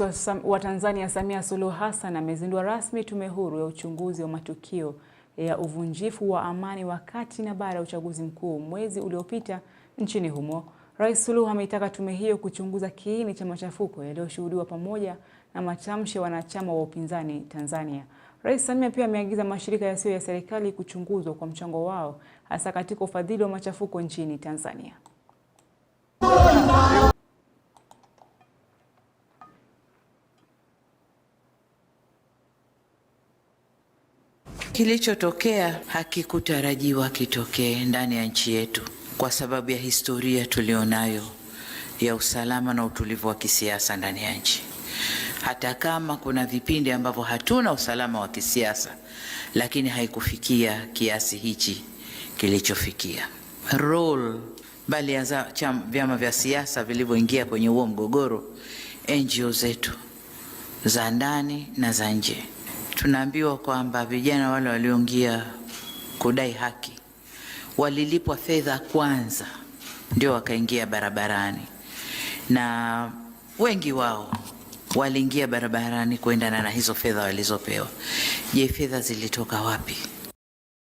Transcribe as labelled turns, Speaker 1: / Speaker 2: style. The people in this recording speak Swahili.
Speaker 1: Rais wa Tanzania Samia Suluhu Hassan amezindua rasmi tume huru ya uchunguzi wa matukio ya uvunjifu wa amani wakati na baada ya uchaguzi mkuu mwezi uliopita nchini humo. Rais Suluhu ameitaka tume hiyo kuchunguza kiini cha machafuko yaliyoshuhudiwa pamoja na matamshi ya wanachama wa upinzani Tanzania. Rais Samia pia ameagiza mashirika yasiyo ya serikali kuchunguzwa kwa mchango wao hasa katika ufadhili wa machafuko nchini Tanzania.
Speaker 2: Kilichotokea hakikutarajiwa kitokee ndani ya nchi yetu kwa sababu ya historia tulionayo ya usalama na utulivu wa kisiasa ndani ya nchi. Hata kama kuna vipindi ambavyo hatuna usalama wa kisiasa, lakini haikufikia kiasi hichi kilichofikia. Role mbali ya vyama vya siasa vilivyoingia kwenye huo mgogoro, NGO zetu za ndani na za nje tunaambiwa kwamba vijana wale walioingia kudai haki walilipwa fedha kwanza, ndio wakaingia barabarani, na wengi wao waliingia barabarani kuendana na hizo fedha walizopewa. Je, fedha zilitoka wapi?